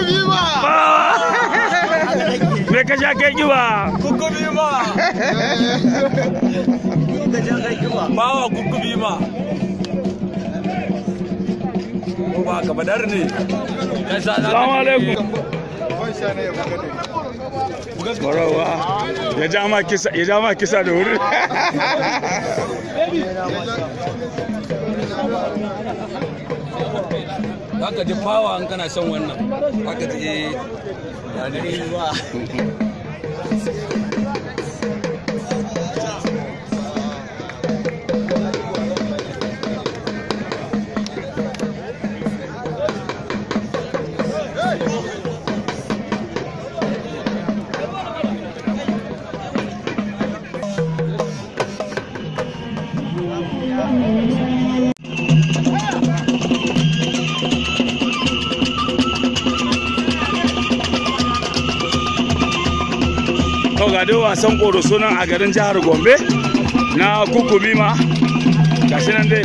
Kukumi ba. Me ka sha kai kiba? Kukumi ba. Ka sha kai kiba. Bawa kukumi ne. kisa da haka ji fawa an kana shan wannan haka ji eh dai wasan ƙoroso nan a garin jihar Gombe na Kukumima. Gashi nan dai,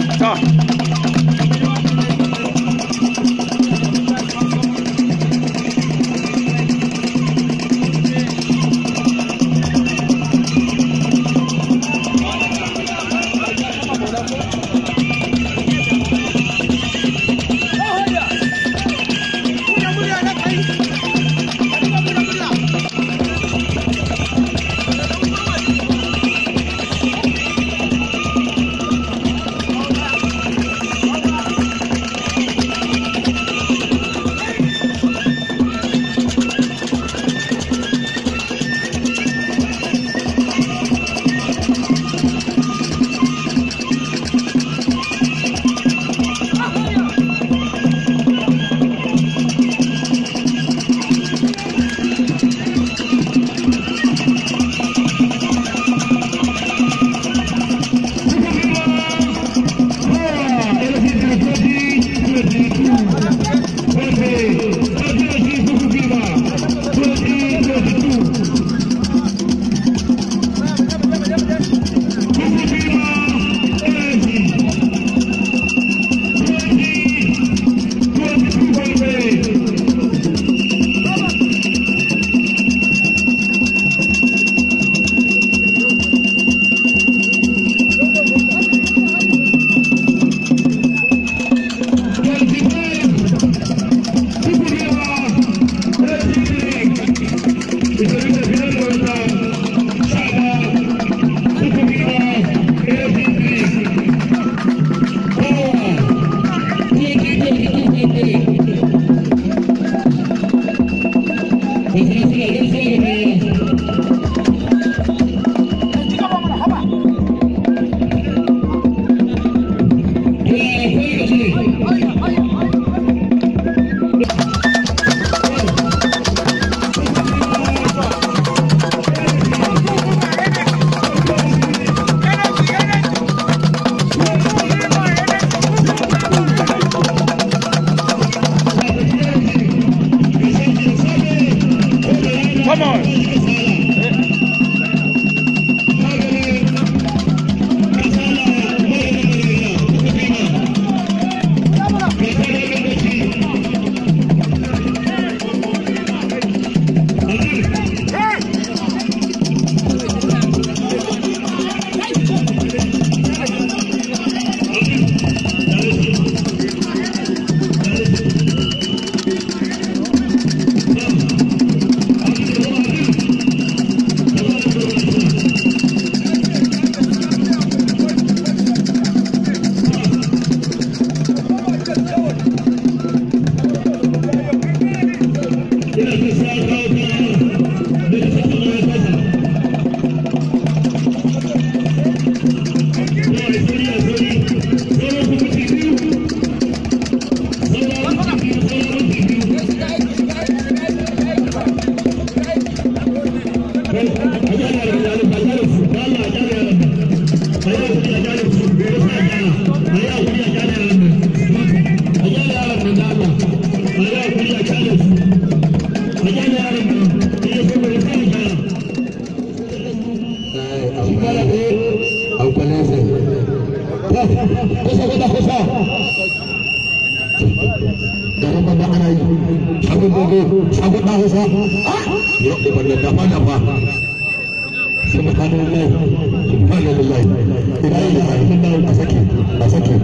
gaban banza ana yi shagun gogo shagun ɗan hausa ya ɗi banza dafa dafa subhanallahi subhanallahi ina yi da alifin dawo a sake a sake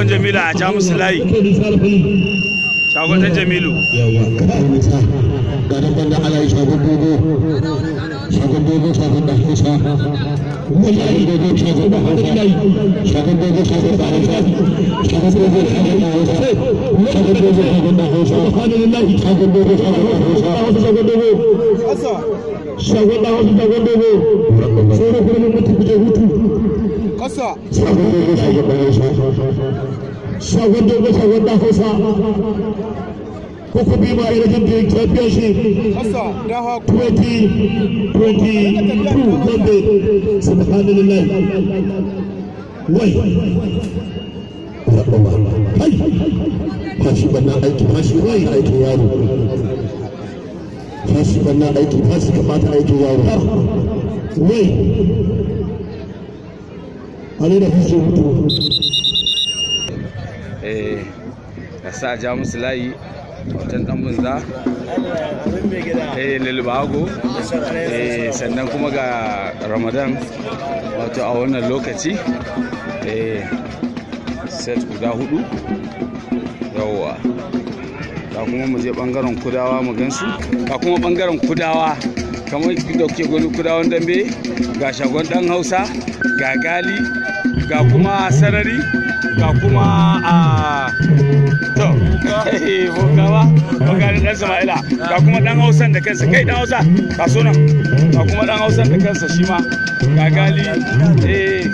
da jamila a ja musu layi jamilu gaban banza ana yi shagun gogo shagun gogo shagun ɗan shagun gogo shagun ɗan shagun gogo shagun ɗan dogo ka guda kuma wai na kuma hai fashi banna aiki fashi wayi aikin yaro fashi banna aiki fashi kamata aikin yaro har wai ale da fushi mutu eh da sa ja musu layi hoton dan bunza eh lilbago eh sannan kuma ga ramadan wato a wannan lokaci eh set guda hudu yawwa ga kuma mu je bangaren kudawa mu gan su, ga kuma bangaren kudawa kamar da kuke gani kudawan dambe ga shagon dan hausa ga gali ga kuma sarari ga kuma a ah, to boka ba boka ne dan sama'ila ga kuma dan hausan da kansa kai dan hausa ka so nan ga kuma dan hausan da kansa shi ma ga gali eh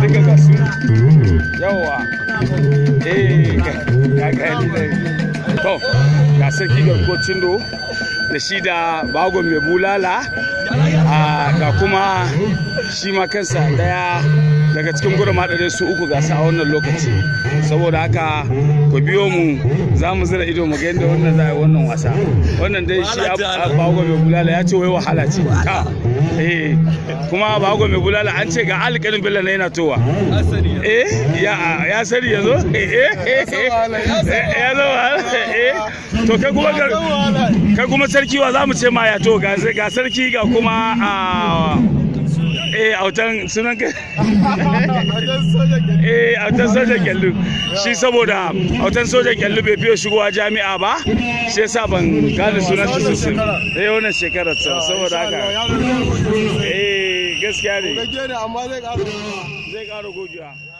duka ga su yawa eh ga gali to ga sarki ga kocin do da shi da bagon mai bulala ah, ga kuma shi ma kansa daya daga cikin gurin haɗari su uku gasa a wannan lokaci saboda haka ku biyo mu za mu zira ido mu ga yadda wannan za a yi wannan wasa wannan dai shi bago mai bulala ya ce wai wahala ce ta eh kuma bago mai bulala an ce ga alƙalin billa na yana towa eh ya sani yanzu eh, eh, eh, eh ya zo eh to kai kuma kai kuma sarki wa za mu ce ma ya to ga sarki ga kuma ah, eh a wutan sunan ka eh a wutan sojan kyallu shi saboda a wutan sojan kyallu bai fiye shigowa jami'a ba shi yasa ban gane sunan shi sosai eh wannan shekarar saboda haka eh gaskiya ne zai ƙara gogewa